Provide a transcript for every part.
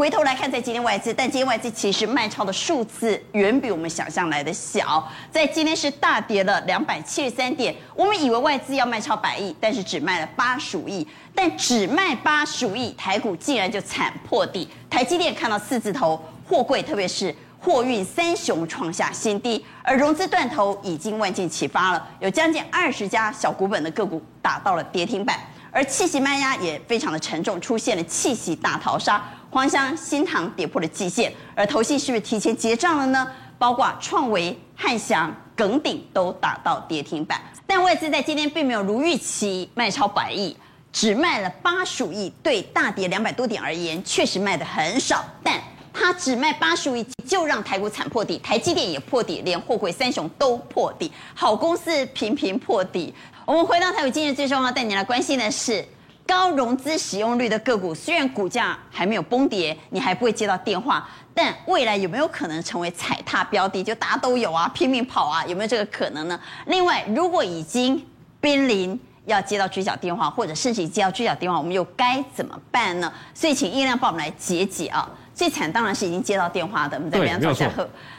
回頭來看，在今天外資，但今天外資其實賣超的數字遠比我們想象來的小。在今天是大跌了兩百七十三點，我們以為外資要賣超百億，但是只賣了八十五億。但只賣八十五億，台股竟然就慘破底。台積電看到四字頭貨櫃，特別是貨運三雄創下新低，而融資斷頭已經萬箭齊發了，有將近二十家小股本的個股打到了跌停板，而氣息賣壓也非常的沉重，出現了氣息大逃殺。華香新唐跌破了季線而投信是不是提前結賬了呢？包括創惟、漢翔、耿鼎都打到跌停板，但外資在今天並沒有如預期賣超百億，只賣了八十五億。對大跌兩百多點而言，確實賣得很少。但它只賣八十五億，就讓台股慘破底，台積電也破底，連貨櫃三雄都破底，好公司頻頻破底。我們回到台股，今日最重要帶你來關心的是。高融資使用率的個股，雖然股價還沒有崩跌，你還不會接到電話，但未來有沒有可能成為踩踏標的？就大家都有啊，拼命跑啊，有沒有這個可能呢？另外，如果已經瀕臨要接到追繳電話，或者甚至已接到追繳電話，我們又該怎麼辦呢？所以，請葉亮幫我們來解解啊。最慘當然是已經接到電話的，我們在邊上找下。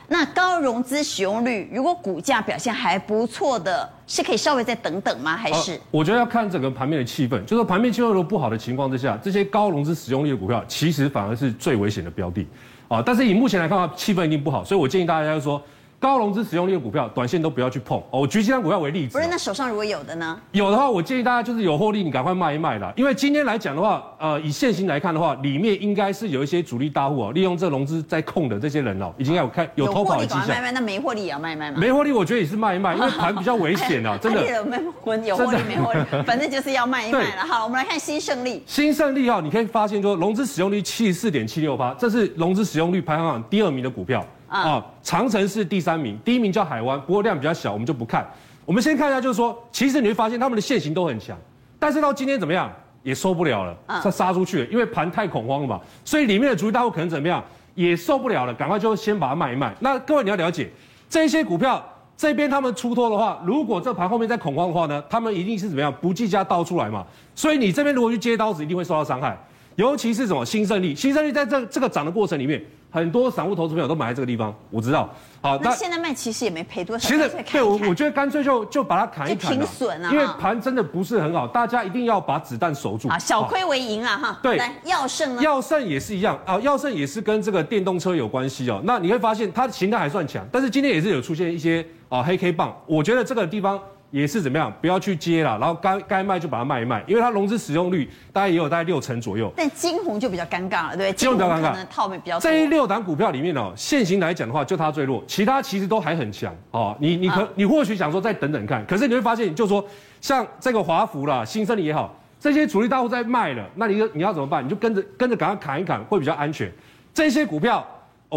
那高融資使用率，如果股價表現還不錯的是可以稍微再等等嗎？還是？我覺得要看整個盤面的氣氛，就是說盤面氣氛如果不好的情況之下，這些高融資使用率的股票其實反而是最危險的標的啊。但是以目前來看的話，氣氛一定不好，所以我建議大家說。高融資使用率的股票，短線都不要去碰哦。我舉幾張股票為例子、哦。不是，那手上如果有的呢？有的話，我建議大家就是有獲利，你趕快賣一賣啦。因為今天來講的話，呃，以現行來看的話，裡面應該是有一些主力大戶哦，利用這融資在控的這些人哦，已經要有開有偷跑的跡象。有獲利趕快賣賣，那沒獲利也、啊、要賣一賣嗎？沒獲利，我覺得也是賣一賣，因為盤比較危險啊，真的。 啊、有獲利沒有獲利沒利，反正就是要賣一賣了。對好，我們來看新勝利。新勝利哦，你可以發現說，說融資使用率七十四點七六八，這是融資使用率排行榜第二名的股票。啊，uh, 長城是第三名，第一名叫海灣，不過量比較小，我們就不看。我們先看一下，就是說，其實你會發現他們的線型都很強，但是到今天怎麼樣也受不了了，他殺出去了，因為盤太恐慌了嘛，所以裡面的主力大戶可能怎麼樣也受不了了，趕快就先把它賣一賣。那各位你要了解這些股票這邊他們出脫的話，如果這盤後面再恐慌的話呢，他們一定是怎麼樣不計價倒出來嘛，所以你這邊如果去接刀子，一定會受到傷害，尤其是什麼新勝利，新勝利在這這個漲的過程裡面。很多散戶投資朋友都買在這個地方，我知道。好，那現在賣其實也沒賠多少。其實，砍砍對我我覺得乾脆就就把它砍一砍。損啊！因為盤真的不是很好，大家一定要把子彈守住。啊，小虧為贏啊！哈來，對，耀盛呢？耀盛也是一樣啊，耀盛也是跟這個電動車有關係哦。那你會發現它的形態還算強，但是今天也是有出現一些啊黑 K 棒，我覺得這個地方。也是怎麼樣，不要去接了，然後該該賣就把它賣一賣，因為它融資使用率，大概也有大概六成左右。但金鴻就比較尷尬了，對，金鴻比較尷尬，套面比較重。這六檔股票裡面呢，哦，現行來講的話，就它最弱，其他其實都還很強。哦，你你可，啊，你或許想說再等等看，可是你會發現，就說像這個華孚啦，新生利也好，這些主力大戶在賣了，那你你要怎麼辦？你就跟着跟着趕快砍一砍，會比較安全，這些股票。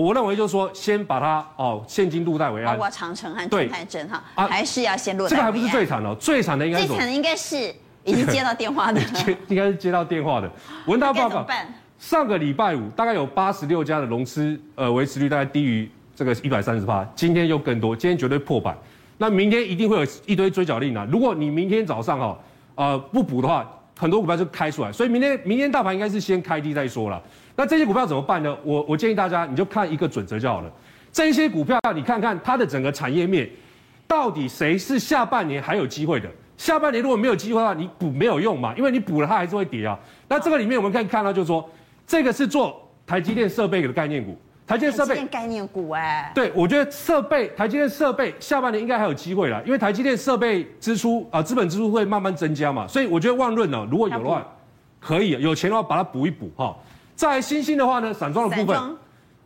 我認為就是說，先把它哦現金入袋為安，包括、哦、長城和中海證哈，對啊、還是要先入袋。這個還不是最慘的、哦，最慘的應該最慘的應該是、嗯、已經接到電話的，應該是接到電話的。文到爸爸上個禮拜五大概有八十六家的融資呃維持率大概低於這個130%，今天又更多，今天絕對破百，那明天一定會有一堆追繳令啊！如果你明天早上哈、呃、不補的話。很多股票就開出來，所以明天明天大盤應該是先開低再說了。那這些股票怎麼辦呢？我我建議大家你就看一個準則就好了。這些股票你看看它的整個產業面，到底誰是下半年還有機會的？下半年如果沒有機會的話，你補沒有用嘛，因為你補了它還是會跌啊。那這個裡面我們可以看到，就是說這個是做台積電設備的概念股。台積電設備概念股哎，對，我覺得設備台積電設備下半年應該還有機會啦，因為台積電設備支出啊資本支出會慢慢增加嘛，所以我覺得萬潤呢，如果有萬，可以有錢的話把它補一補哈。在新興的話呢，散裝的部分，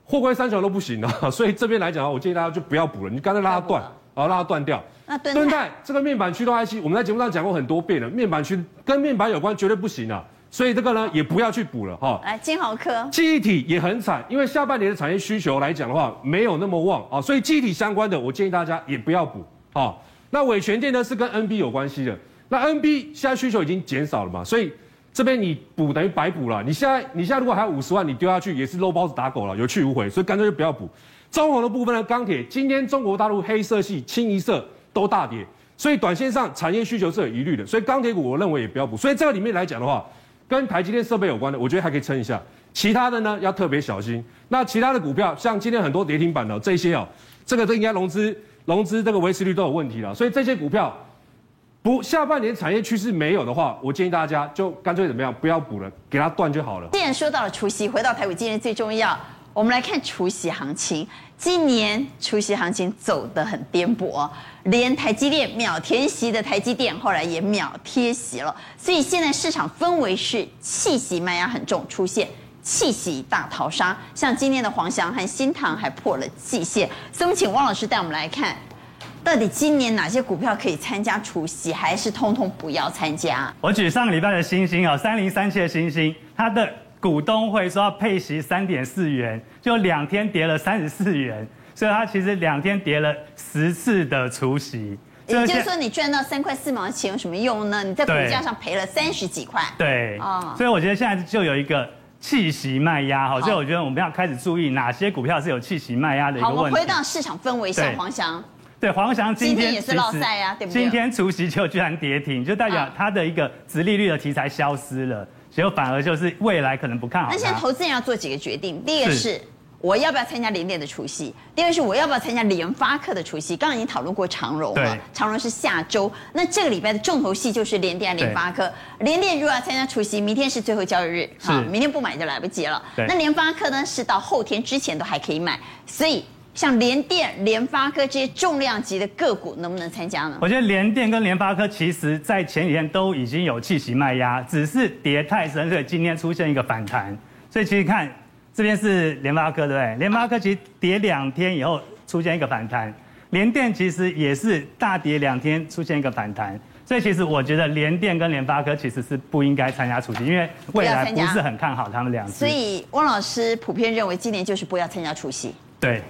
貨櫃三雄都不行啊。所以這邊來講、啊、我建議大家就不要補了。你剛才讓它斷，然後讓它斷掉。現在這個面板驅動 IC，我們在節目上講過很多遍了，面板區跟面板有關絕對不行啊。所以這個呢，也不要去補了哈。哦、來，晶豪科，記憶體也很慘，因為下半年的產業需求來講的話，沒有那麼旺啊、哦。所以記憶體相關的，我建議大家也不要補啊、哦。那偉詮電呢，是跟 NB 有關係的。那 NB 現在需求已經減少了嘛，所以這邊你補等於白補了。你現在，你現在如果還有五十萬，你丟下去也是肉包子打狗了，有去無回。所以乾脆就不要補。中鴻的部分呢，鋼鐵，今天中國大陸黑色系、清一色都大跌，所以短線上產業需求是有疑慮的。所以鋼鐵股，我認為也不要補。所以這個裡面來講的話，跟台積電設備有關的，我覺得還可以撐一下；其他的呢，要特別小心。那其他的股票，像今天很多跌停板的、哦、這些哦，這個都應該融資、融資這個維持率都有問題了，所以這些股票不下半年產業趨勢沒有的話，我建議大家就乾脆怎麼樣，不要補了，給它斷就好了。既然說到了除夕，回到台股今天最重要。我們來看除夕行情，今年除夕行情走得很顛簸，連台積電秒天席的台積電後來也秒貼席了，所以現在市場氛為是氣息賣壓很重，出現氣息大淘沙。像今年的黃翔、和新唐還破了季線，所以我們請汪老師帶我們來看，到底今年哪些股票可以參加除夕，還是通通不要參加？我舉上個禮拜的星星啊，三零三七的星星，它的。股東會說要配息，三點四元，就兩天跌了三十四元，所以它其實兩天跌了十次的除息。也就、欸、就是說，你賺到三塊四毛錢有什麼用呢？你在股價上賠了三十幾塊。對啊，嗯、所以我覺得現在就有一個棄息賣壓，好所以我覺得我們要開始注意哪些股票是有棄息賣壓的一個問題。我們回到市場氛圍，像對黃翔。對，黃翔今天，今天也是落賽呀，對不對？今天除息就居然跌停，就代表它的一個殖利率的題材消失了。嗯結果反而就是未來可能不看好。那現在投資人要做幾個決定，第一個是，是我要不要參加聯電的除息，第二是我要不要參加聯發科的除息。剛剛已經討論過長榮了，啊，對長榮是下周，那這個禮拜的重頭戲就是聯電聯、聯發科。聯電如果要參加除息，明天是最後交易日是，好，明天不買就來不及了。對那聯發科呢，是到後天之前都還可以買，所以。像聯電、聯發科這些重量級的個股，能不能參加呢？我覺得聯電跟聯發科其實在前幾天都已經有棄息賣壓，只是跌太深，所以今天出現一個反彈。所以其實看這邊是聯發科，對不對？聯發科其實跌兩天以後出現一個反彈，聯電其實也是大跌兩天出現一個反彈。所以其實我覺得聯電跟聯發科其實是不應該參加除息，因為未來不是很看好他們兩隻。所以汪老師普遍認為今年就是不要參加除息。對。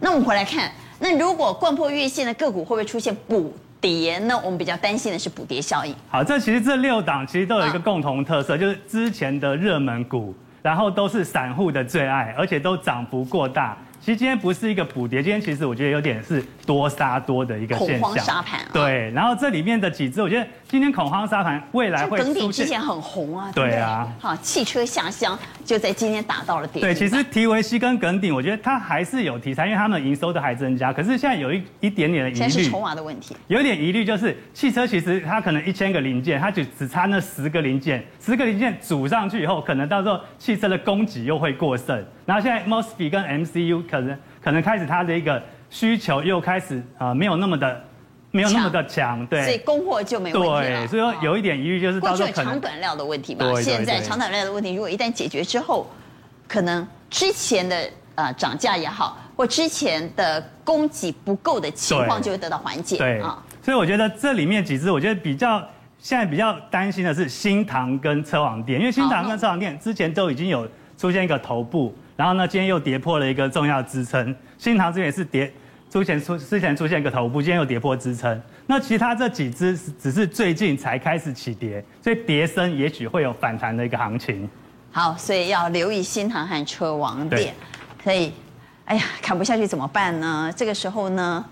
那我們回來看，那如果摜破月線的個股會不會出現補跌呢？那我們比較擔心的是補跌效應。好，這其實這六檔其實都有一個共同特色，嗯、就是之前的熱門股，然後都是散戶的最愛，而且都漲幅過大。其實今天不是一個補跌，今天其實我覺得有點是多殺多的一個現象恐慌沙盤，啊。對，然後這裡面的幾隻，我覺得今天恐慌沙盤未來會。耿鼎之前很紅啊。對，對，對啊。好，汽車下鄉就在今天達到了頂。對，其實提維西跟耿鼎，我覺得它還是有題材，因為他們營收的還增加，可是現在有一一點點的疑慮。現在是籌碼的問題。有一點疑慮就是汽車，其實它可能一千個零件，它只只差那十個零件，十個零件組上去以後，可能到時候汽車的供給又會過剩。然後現在 MOSFET 跟 MCU。可能可能開始他的一個需求又開始啊、呃，沒有那麼的，沒有那麼的強，強對，所以供貨就沒問題了。對，哦、所以說有一點疑慮就是到去長短料的問題吧。對對對對現在長短料的問題如果一旦解決之後，可能之前的呃漲價也好，或之前的供給不夠的情況就會得到緩解啊對、哦。所以我覺得這裡面幾隻我覺得比較現在比較擔心的是新唐跟車王電，因為新唐跟車王電之前都已經有出現一個頭部。好嗯然後呢，今天又跌破了一個重要支撐，新唐之前是跌，之前出之前出現一個頭部，今天又跌破支撐。那其他這幾只只是最近才開始起跌，所以跌升也許會有反彈的一個行情。好，所以要留意新唐和車王電。可對所以，哎呀，砍不下去怎麼辦呢？這個時候呢，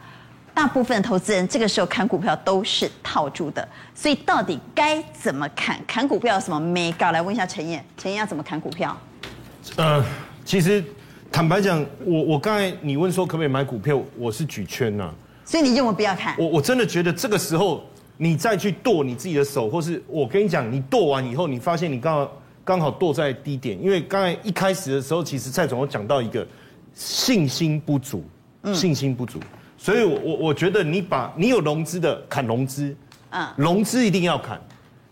大部分投資人這個時候砍股票都是套住的，所以到底該怎麼砍？砍股票有什麼眉角來問一下陳燕，陳燕要怎麼砍股票？呃。其實，坦白講，我我剛才你問說可不可以買股票，我是舉圈吶、啊，所以你認為不要砍？我我真的覺得這個時候你再去剁你自己的手，或是我跟你講，你剁完以後，你發現你剛好剛好剁在低點，因為剛才一開始的時候，其實蔡總我講到一個信心不足，信心不足，嗯、所以我，我我我覺得你把你有融資的砍融資，嗯、融資一定要砍，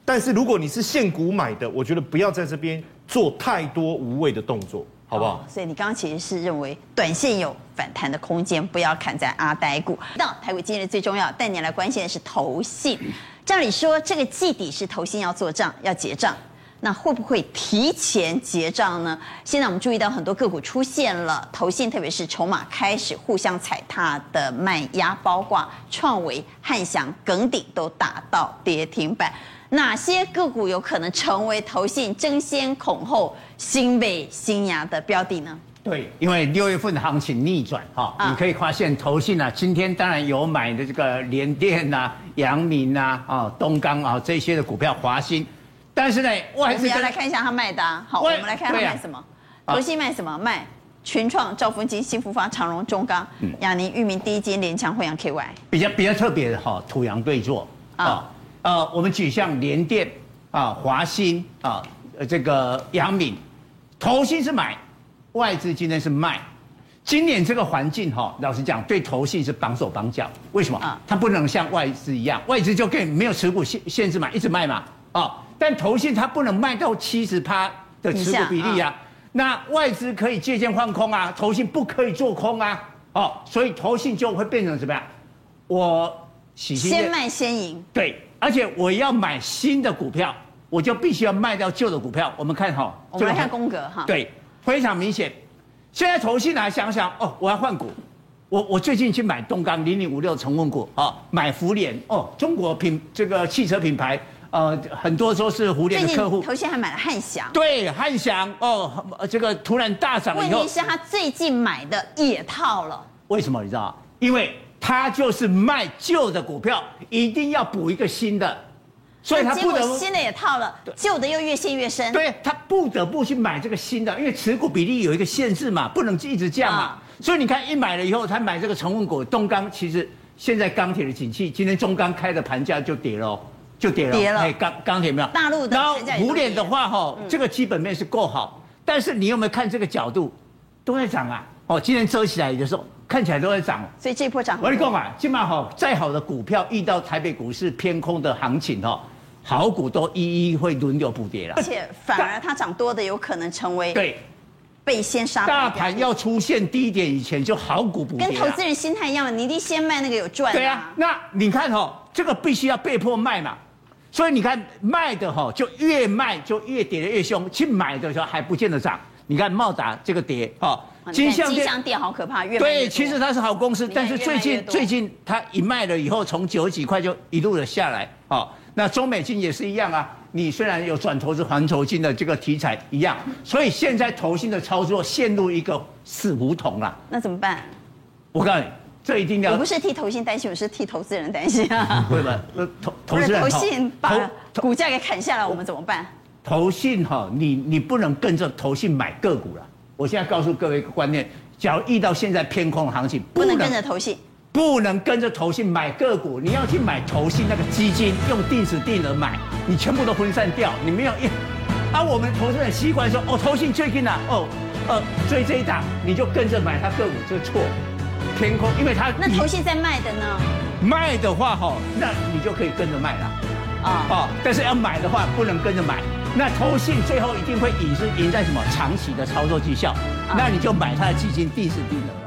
但是如果你是現股買的，我覺得不要在這邊做太多無謂的動作。好不好、哦？所以你剛剛其實是認為短線有反彈的空間，不要砍在阿呆股。到台股今日最重要，帶你來關心的是投信。照理說，這個季底是投信要做賬、要結賬，那會不會提前結賬呢？現在我們注意到很多個股出現了投信，特別是籌碼開始互相踩踏的賣壓包掛，包括創維、漢翔、耿鼎都打到跌停板。哪些個股有可能成為投信爭先恐後新買新押的標的呢？對，因為六月份的行情逆轉哈，哦啊、你可以發現投信啊，今天當然有買的這個聯電啊、陽明啊、哦、東啊東鋼啊這些的股票華新。但是呢，我,還是我們來看一下他賣的，好，我們來看他賣什麼，啊啊投信賣什麼，賣群創、兆豐金、新福發長榮、長榮、嗯、中鋼、亞寧、裕民、第一金、聯強、惠陽 KY，比較比較特別的哈，土洋對坐啊。哦呃，我們舉像聯電啊、呃、華新啊、呃這個陽明投信是買，外資今天是賣，今年這個環境哈，老實講對投信是綁手綁腳，為什麼？啊，它不能像外資一樣，外資就更沒有持股限限制嘛，一直賣嘛，啊、呃，但投信它不能賣到七十趴的持股比例啊。啊那外資可以借券換空啊，投信不可以做空啊，哦、呃，所以投信就會變成什麼呀，我洗先賣先贏，對。而且我要買新的股票，我就必須要賣掉舊的股票。我們看哈，這個、我們來看風格哈，對，非常明顯。現在投信來想想哦，我要換股，我我最近去買東鋼零零五六成分股啊、哦，買福聯哦，中國品這個汽車品牌呃，很多都是福聯的客戶。最近投信還買了漢翔。對，漢翔哦，這個突然大漲以後。問題是他最近買的也套了。為什麼你知道？因為。他就是賣舊的股票，一定要補一個新的，所以他不得不結果，新的也套了，舊對的又越陷越深，對，他不得不去買這個新的，因為持股比例有一個限制嘛，不能一直降嘛。啊、所以你看，一買了以後他買這個成分股，東鋼，其實現在鋼鐵的景氣，今天中鋼開的盤價就跌了，就跌了。跌了，哎，鋼鋼鐵沒有？大陸的。然後五臉的話、哦，哈，這個基本面是夠好，嗯、但是你有沒有看這個角度都在漲啊？哦，今天收起來的時候看起來都在漲，所以這一波漲。我跟你講啊，今嘛好，再好的股票遇到台北股市偏空的行情哦，好是股都一一會輪流補跌了。而且反而它漲多的有可能成為對，被先殺。大盤要出現低點以前，就好股不跌跟投資人心態一樣，你一定先賣那個有賺。對啊，那你看哈、哦，這個必須要被迫賣嘛，所以你看賣的哈、哦，就越賣就越跌的越兇，去買的時候還不見得漲。你看茂達這個跌啊。哦金像電好可怕，越對，其實它是好公司，但是最近最近它一賣了以後，從九十幾塊就一路的下來，哦，那中美晶也是一樣啊。你雖然有轉投資環球晶的這個題材一樣，所以現在投信的操作陷入一個死胡同了。那怎麼辦？我告訴你，這一定要我不是替投信擔心，我是替投資人擔心啊。會吧？那投投信把股價給砍下來，我們怎麼辦？投信哈，你你不能跟着投信買個股了。我現在告訴各位一個觀念：假如遇到現在偏空的行情，不能，不能跟着投信，不能跟着投信買個股。你要去買投信那個基金，用定時定額買，你全部都分散掉。你沒有一。而、啊、我們投資人習慣說：“哦，投信最近啊，哦，呃，追這一檔，你就跟着買它個股，就錯。”偏空，因為它那投信在賣的呢。賣的話哈，那你就可以跟着賣啦。啊、哦。啊、哦，但是要買的話，不能跟着買。那投信最後一定會贏，是贏在什麼長期的操作績效。啊、那你就買他的基金，定是定了。